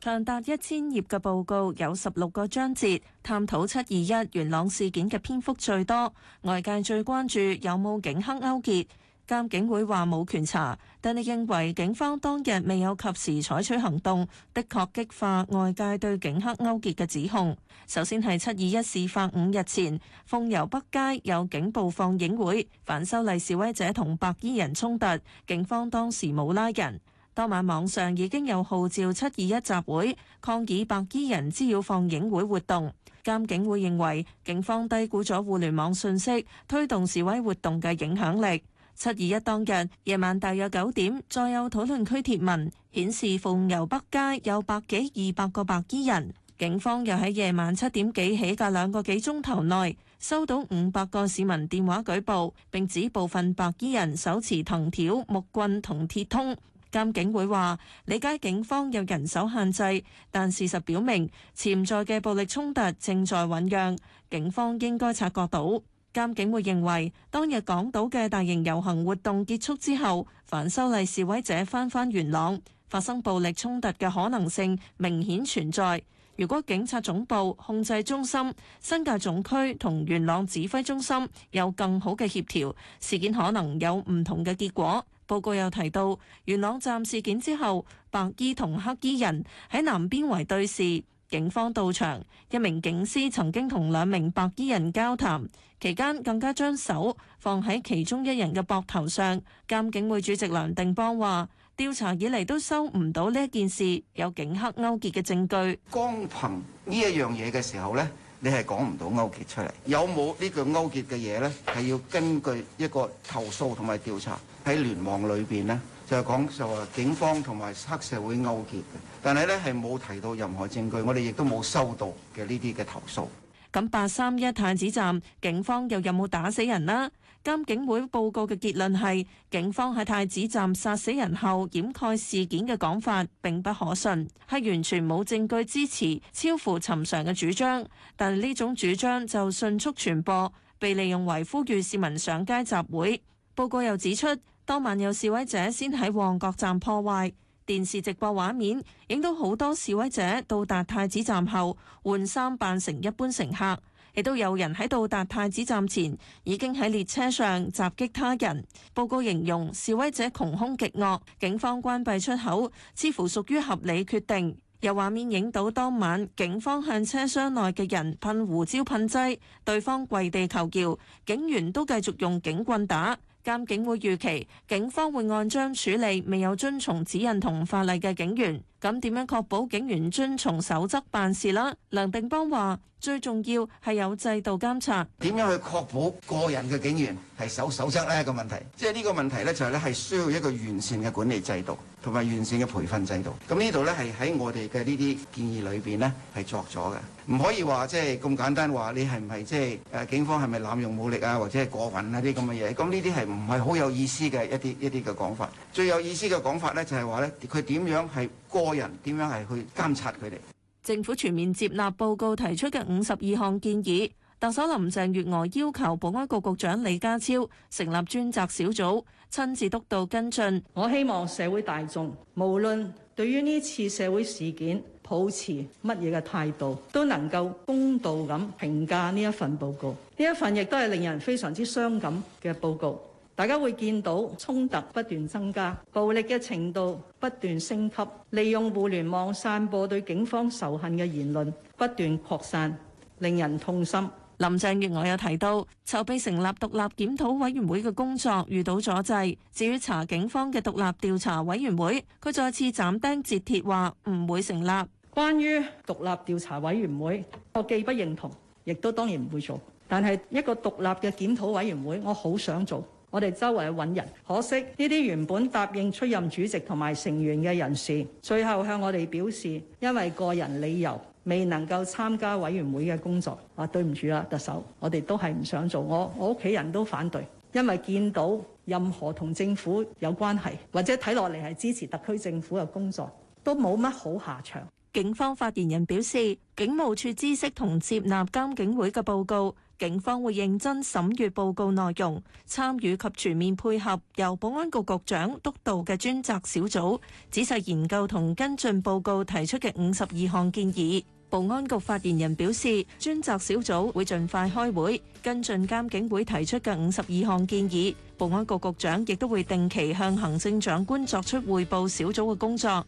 長達一千頁嘅報告有十六個章節，探討七二一元朗事件嘅篇幅最多。外界最關注有冇警黑勾結，監警會話冇權查，但你認為警方當日未有及時採取行動，的確激化外界對警黑勾結嘅指控。首先係七二一事發五日前，鳳攸北街有警部放映會，反修例示威者同白衣人衝突，警方當時冇拉人。當晚網上已經有號召七二一集會抗議白衣人滋擾放映會活動。監警會認為警方低估咗互聯網信息推動示威活動嘅影響力。七二一當日夜晚大約九點，再有討論區貼文顯示鳳攸北街有百幾二百個白衣人。警方又喺夜晚七點幾起嘅兩個幾鐘頭內，收到五百個市民電話舉報，並指部分白衣人手持藤條、木棍同鐵通。監警會話：理解警方有人手限制，但事實表明潛在嘅暴力衝突正在醞釀，警方應該察覺到。監警會認為，當日港島嘅大型遊行活動結束之後，反修例示威者翻返元朗，發生暴力衝突嘅可能性明顯存在。如果警察總部控制中心、新界總區同元朗指揮中心有更好嘅協調，事件可能有唔同嘅結果。報告又提到，元朗站事件之後，白衣同黑衣人喺南邊圍對視，警方到場，一名警司曾經同兩名白衣人交談，期間更加將手放喺其中一人嘅膊頭上。監警會主席梁定邦話：調查以嚟都收唔到呢一件事有警黑勾結嘅證據。光憑呢一樣嘢嘅時候呢，你係講唔到勾結出嚟。有冇呢個勾結嘅嘢呢？係要根據一個投訴同埋調查。喺聯網裏面，呢就講就話警方同埋黑社會勾結嘅，但係呢，係冇提到任何證據，我哋亦都冇收到嘅呢啲嘅投訴。咁八三一太子站警方又有冇打死人啦？監警會報告嘅結論係，警方喺太子站殺死人後掩蓋事件嘅講法並不可信，係完全冇證據支持超乎尋常嘅主張。但係呢種主張就迅速傳播，被利用為呼籲市民上街集會。報告又指出，當晚有示威者先喺旺角站破壞電視直播畫面，影到好多示威者到達太子站後換衫扮成一般乘客，亦都有人喺到達太子站前已經喺列車上襲擊他人。報告形容示威者窮兇極惡，警方關閉出口似乎屬於合理決定。有畫面影到當晚警方向車廂內嘅人噴胡椒噴劑，對方跪地求饒，警員都繼續用警棍打。監警會預期警方會按章處理未有遵從指引同法例嘅警員。咁點樣確保警員遵從守則辦事啦？梁定邦話：最重要係有制度監察點樣去確保個人嘅警員係守守則咧？個問題即係呢個問題咧，就係咧係需要一個完善嘅管理制度同埋完善嘅培訓制度。咁呢度咧係喺我哋嘅呢啲建議裏邊咧係作咗嘅，唔可以話即係咁簡單話你係唔係即係誒警方係咪濫用武力啊，或者係過分啊啲咁嘅嘢？咁呢啲係唔係好有意思嘅一啲一啲嘅講法？最有意思嘅講法咧就係話咧佢點樣係。個人點樣係去監察佢哋？政府全面接納報告提出嘅五十二項建議。特首林鄭月娥要求保安局局長李家超成立專責小組，親自督導跟進。我希望社會大眾無論對於呢次社會事件抱持乜嘢嘅態度，都能夠公道咁評價呢一份報告。呢一份亦都係令人非常之傷感嘅報告。大家會見到衝突不斷增加，暴力嘅程度不斷升級，利用互聯網散播對警方仇恨嘅言論不斷擴散，令人痛心。林鄭月娥有提到籌備成立獨立檢討委員會嘅工作遇到阻滯。至於查警方嘅獨立調查委員會，佢再次斬釘截鐵話唔會成立。關於獨立調查委員會，我既不認同，亦都當然唔會做。但係一個獨立嘅檢討委員會，我好想做。我哋周圍去揾人，可惜呢啲原本答應出任主席同埋成員嘅人士，最後向我哋表示，因為個人理由未能夠參加委員會嘅工作，話對唔住啦，特首，我哋都係唔想做，我我屋企人都反對，因為見到任何同政府有關係，或者睇落嚟係支持特區政府嘅工作，都冇乜好下場。警方發言人表示，警務處知悉同接納監警會嘅報告。警方會認真審閱報告內容，參與及全面配合由保安局局長督導嘅專責小組，仔細研究同跟進報告提出嘅五十二項建議。保安局發言人表示，專責小組會儘快開會，跟進監警會提出嘅五十二項建議。保安局局長亦都會定期向行政長官作出匯報小組嘅工作。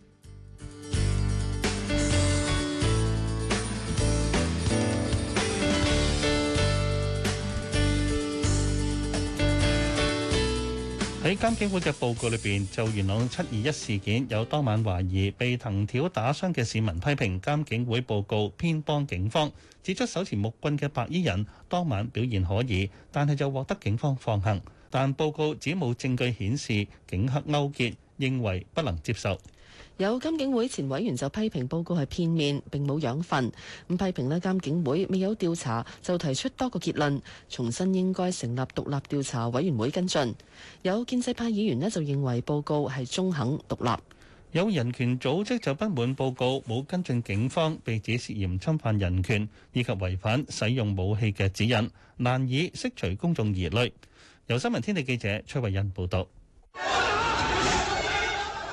喺監警會嘅報告裏邊，就元朗七二一事件，有當晚懷疑被藤條打傷嘅市民批評監警會報告偏幫警方，指出手持木棍嘅白衣人當晚表現可疑，但係就獲得警方放行，但報告指冇證據顯示警黑勾結，認為不能接受。有監警會前委員就批評報告係片面並冇養分，咁批評呢監警會未有調查就提出多個結論，重新應該成立獨立調查委員會跟進。有建制派議員呢，就認為報告係中肯獨立，有人權組織就不滿報告冇跟進警方被指涉嫌侵犯人權以及違反使用武器嘅指引，難以釋除公眾疑慮。由新聞天地記者崔慧欣報道。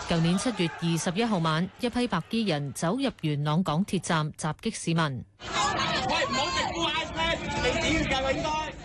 舊年七月二十一號晚，一批白衣人走入元朗港鐵站襲擊市民。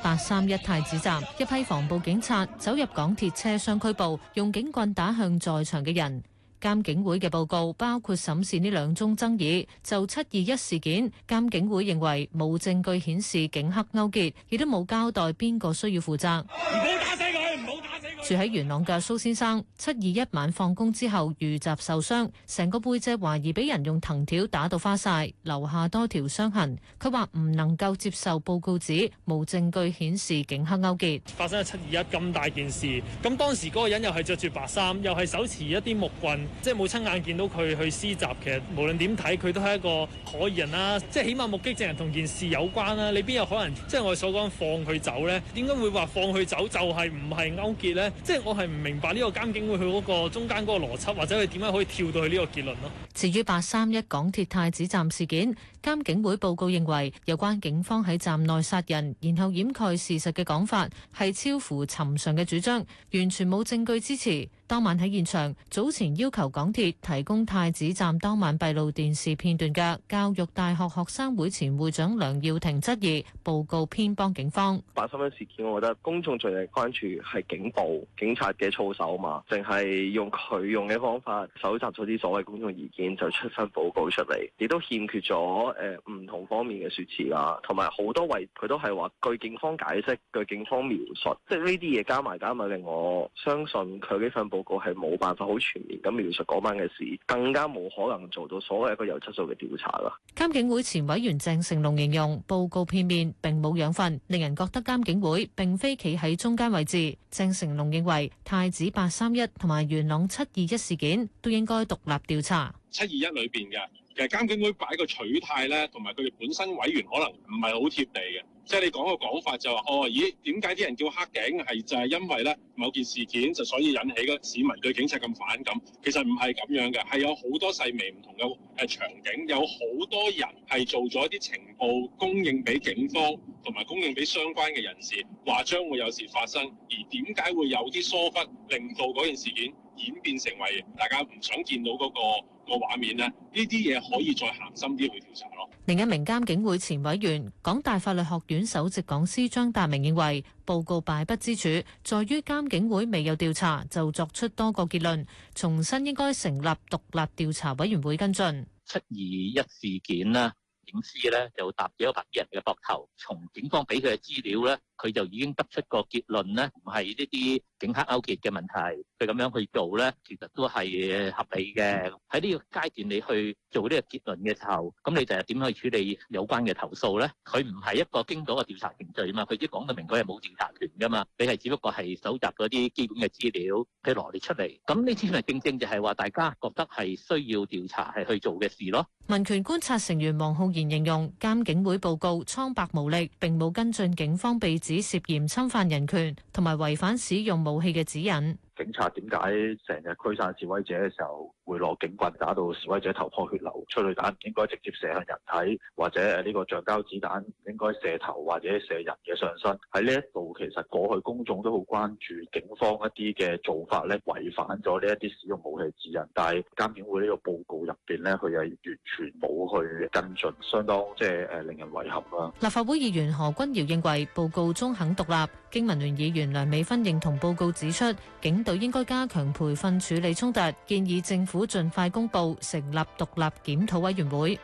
八三一太子站，一批防暴警察走入港鐵車廂拘捕，用警棍打向在場嘅人。監警會嘅報告包括審視呢兩宗爭議，就七二一事件，監警會認為冇證據顯示警黑勾結，亦都冇交代邊個需要負責。唔好打死佢，唔好打。住喺元朗嘅蘇先生，七二一晚放工之後遇襲受傷，成個背脊懷疑俾人用藤條打到花晒，留下多條傷痕。佢話唔能夠接受報告指無證據顯示警黑勾結。發生喺七二一咁大件事，咁當時嗰個人又係着住白衫，又係手持一啲木棍，即係冇親眼見到佢去施襲。其實無論點睇，佢都係一個可疑人啦。即係起碼目擊證人同件事有關啦。你邊有可能即係我哋所講放佢走呢？點解會話放佢走就係唔係勾結呢？即係我係唔明白呢個監警會佢嗰個中間嗰個邏輯，或者佢點樣可以跳到去呢個結論咯？至於八三一港鐵太子站事件，監警會報告認為有關警方喺站內殺人，然後掩蓋事實嘅講法係超乎尋常嘅主張，完全冇證據支持。當晚喺現場，早前要求港鐵提供太子站當晚閉路電視片段嘅教育大學學生會前會長梁耀廷質疑報告偏幫警方。八三一事件，我覺得公眾最係關注係警暴、警察嘅操守嘛，淨係用佢用嘅方法搜集咗啲所謂公眾意見就出份報告出嚟，亦都欠缺咗誒唔同方面嘅說辭啦，同埋好多位佢都係話據警方解釋、據警方描述，即係呢啲嘢加埋，加埋令我相信佢呢份。報告係冇辦法好全面咁描述嗰晚嘅事，更加冇可能做到所謂一個有質素嘅調查啦。監警會前委員鄭成龍形容報告片面，並冇養分，令人覺得監警會並非企喺中間位置。鄭成龍認為太子八三一同埋元朗七二一事件都應該獨立調查。七二一裏邊嘅。其實監警會擺個取態咧，同埋佢哋本身委員可能唔係好貼地嘅。即係你講個講法就話，哦，咦，點解啲人叫黑警係就係因為咧某件事件就所以引起個市民對警察咁反感？其實唔係咁樣嘅，係有好多細微唔同嘅誒場景，有好多人係做咗一啲情報供應俾警方，同埋供應俾相關嘅人士，話將會有事發生。而點解會有啲疏忽，令到嗰件事件演變成為大家唔想見到嗰個個畫面呢啲嘢可以再行深啲去調查咯。另一名監警會前委員、港大法律學院首席講師張達明認為，報告敗筆之處，在於監警會未有調查就作出多個結論，重新應該成立獨立調查委員會跟進。七二一事件啦，警司咧就搭咗一百人嘅膊頭，從警方俾佢嘅資料咧，佢就已經得出個結論咧，唔係呢啲。警黑勾結嘅問題，佢咁樣去做咧，其實都係合理嘅。喺呢個階段，你去做呢個結論嘅時候，咁你就係點樣去處理有關嘅投訴咧？佢唔係一個經過嘅調查程序啊嘛，佢已經講到明佢係冇調查權噶嘛，你係只不過係搜集嗰啲基本嘅資料去羅列出嚟。咁呢次咪正正就係話大家覺得係需要調查係去做嘅事咯。民權觀察成員王浩然形容監警會報告蒼白無力，並冇跟進警方被指涉嫌侵犯人權同埋違反使用武武器嘅指引。警察點解成日驅散示威者嘅時候會攞警棍打到示威者頭破血流？催淚彈唔應該直接射向人體，或者誒呢個橡膠子彈唔應該射頭或者射人嘅上身。喺呢一度其實過去公眾都好關注警方一啲嘅做法咧違反咗呢一啲使用武器指引，但係監警會呢個報告入邊咧佢又完全冇去跟進，相當即係誒令人遺憾啦。立法會議員何君堯認為報告中肯獨立，經民聯議員梁美芬認同報告指出警就應該加強培訓處理衝突，建議政府盡快公布成立獨立檢討委員會。